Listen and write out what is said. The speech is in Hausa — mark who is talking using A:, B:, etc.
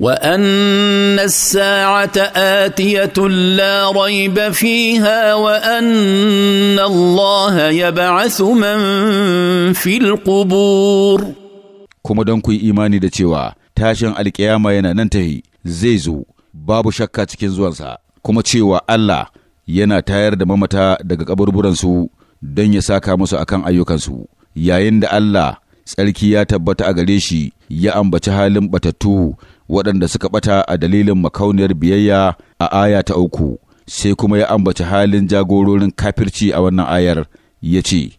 A: وان الساعه اتيه لا ريب
B: فيها وان الله يبعث من في القبور
C: kuma don ku yi imani da cewa tashin alkiyama yana nan tahi zai zo babu shakka cikin zuwansa kuma cewa Allah yana tayar da mamata daga kaburburansu don ya saka musu akan ayyukansu yayin da Allah tsarki ya tabbata a gare shi ya ambaci halin batattu waɗanda suka ɓata a dalilin makauniyar biyayya a aya ta uku sai kuma ya ambaci halin jagororin kafirci a wannan ayar ya ce